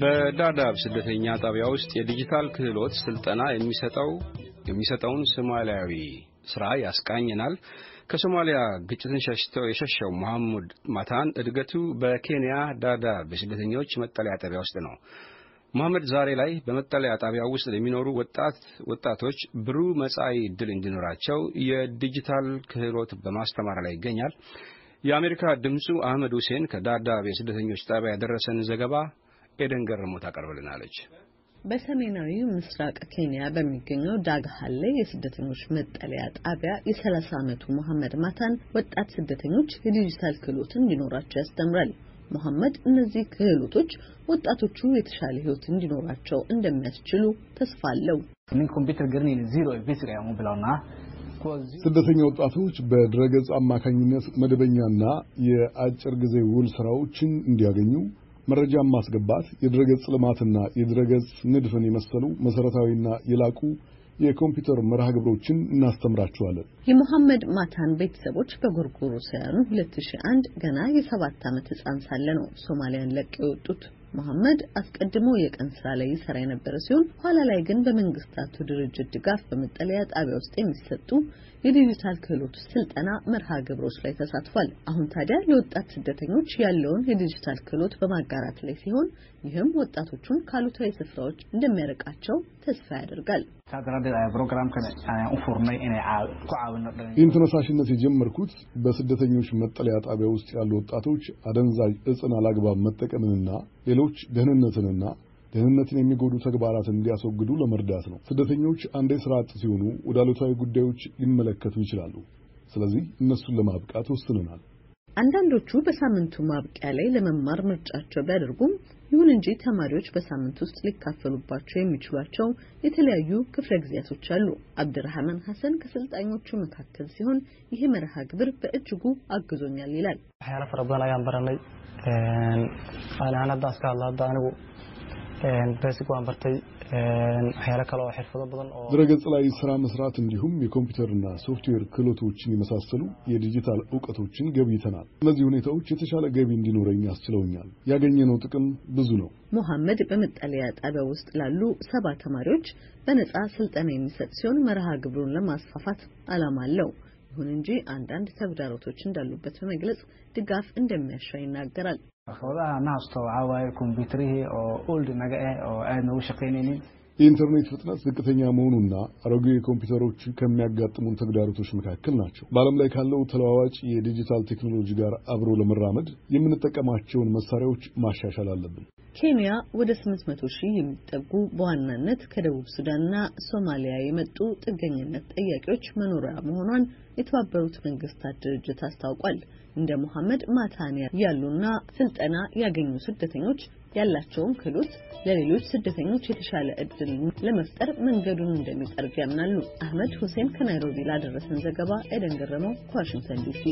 በዳዳብ ስደተኛ ጣቢያ ውስጥ የዲጂታል ክህሎት ስልጠና የሚሰጠው የሚሰጠውን ሶማሊያዊ ስራ ያስቃኝናል። ከሶማሊያ ግጭትን ሸሽተው የሸሸው መሐሙድ ማታን እድገቱ በኬንያ ዳዳብ የስደተኞች መጠለያ ጣቢያ ውስጥ ነው። መሐመድ ዛሬ ላይ በመጠለያ ጣቢያ ውስጥ የሚኖሩ ወጣት ወጣቶች ብሩህ መጻኢ ዕድል እንዲኖራቸው የዲጂታል ክህሎት በማስተማር ላይ ይገኛል። የአሜሪካ ድምፁ አህመድ ሁሴን ከዳዳብ የስደተኞች ጣቢያ ያደረሰን ዘገባ ኤደን ገረሞት አቀርብልናለች። በሰሜናዊ ምስራቅ ኬንያ በሚገኘው ዳግሃሌ የስደተኞች መጠለያ ጣቢያ የ30 ዓመቱ መሐመድ ማታን ወጣት ስደተኞች የዲጂታል ክህሎት እንዲኖራቸው ያስተምራል። መሐመድ እነዚህ ክህሎቶች ወጣቶቹ የተሻለ ህይወት እንዲኖራቸው እንደሚያስችሉ ተስፋ አለው። ስደተኛ ወጣቶች በድረገጽ አማካኝነት መደበኛና የአጭር ጊዜ ውል ስራዎችን እንዲያገኙ መረጃን ማስገባት፣ የድረገጽ ልማትና የድረገጽ ንድፍን የመሰሉ መሰረታዊና የላቁ የኮምፒውተር መርሃ ግብሮችን እናስተምራችኋለን። የመሐመድ ማታን ቤተሰቦች በጎርጎሮሳውያኑ 2001 ገና የሰባት ዓመት ህፃን ሳለ ነው ሶማሊያን ለቀው የወጡት። መሐመድ አስቀድሞ የቀን ስራ ላይ ይሰራ የነበረ ሲሆን ኋላ ላይ ግን በመንግስታቱ ድርጅት ድጋፍ በመጠለያ ጣቢያ ውስጥ የሚሰጡ የዲጂታል ክህሎት ስልጠና መርሃ ግብሮች ላይ ተሳትፏል። አሁን ታዲያ ለወጣት ስደተኞች ያለውን የዲጂታል ክህሎት በማጋራት ላይ ሲሆን ይህም ወጣቶቹን ካሉታዊ ስፍራዎች እንደሚያርቃቸው ተስፋ ያደርጋል። ይህን ተነሳሽነት የጀመርኩት በስደተኞች መጠለያ ጣቢያ ውስጥ ያሉ ወጣቶች አደንዛዥ እጽን አላግባብ መጠቀምንና ሌሎች ደህንነትንና ደህንነትን የሚጎዱ ተግባራትን እንዲያስወግዱ ለመርዳት ነው። ስደተኞች አንዴ ስራ አጥ ሲሆኑ ወደ አሉታዊ ጉዳዮች ሊመለከቱ ይችላሉ። ስለዚህ እነሱን ለማብቃት ወስንናል። አንዳንዶቹ በሳምንቱ ማብቂያ ላይ ለመማር ምርጫቸው ቢያደርጉም ይሁን እንጂ ተማሪዎች በሳምንት ውስጥ ሊካፈሉባቸው የሚችሏቸው የተለያዩ ክፍለ ጊዜያቶች አሉ። አብድራህማን ሐሰን ከሰልጣኞቹ መካከል ሲሆን ይሄ መርሃ ግብር በእጅጉ አግዞኛል ይላል። ድረገጽ ላይ ስራ መስራት እንዲሁም የኮምፒውተርና ሶፍትዌር ክህሎቶችን የመሳሰሉ የዲጂታል እውቀቶችን ገብይተናል። እነዚህ ሁኔታዎች የተሻለ ገቢ እንዲኖረኝ አስችለውኛል። ያገኘነው ጥቅም ብዙ ነው። ሞሐመድ በመጠለያ ጣቢያ ውስጥ ላሉ ሰባ ተማሪዎች በነጻ ስልጠና የሚሰጥ ሲሆን መርሃ ግብሩን ለማስፋፋት ዓላማ አለው። ይሁን እንጂ አንዳንድ ተግዳሮቶች እንዳሉበት በመግለጽ ድጋፍ እንደሚያሻ ይናገራል። የኢንተርኔት ፍጥነት ዝቅተኛ መሆኑና አሮጌ የኮምፒውተሮች ከሚያጋጥሙን ተግዳሮቶች መካከል ናቸው። በዓለም ላይ ካለው ተለዋዋጭ የዲጂታል ቴክኖሎጂ ጋር አብሮ ለመራመድ የምንጠቀማቸውን መሳሪያዎች ማሻሻል አለብን። ኬንያ ወደ 800 ሺህ የሚጠጉ በዋናነት ከደቡብ ሱዳንና ሶማሊያ የመጡ ጥገኝነት ጠያቂዎች መኖሪያ መሆኗን የተባበሩት መንግስታት ድርጅት አስታውቋል። እንደ ሞሐመድ ማታንያ ያሉና ስልጠና ያገኙ ስደተኞች ያላቸውን ክህሎት ለሌሎች ስደተኞች የተሻለ እድል ለመፍጠር መንገዱን እንደሚጠርግ ያምናሉ። አህመድ ሁሴን ከናይሮቢ ላደረሰን ዘገባ ኤደን ገረመው ከዋሽንግተን ዲሲ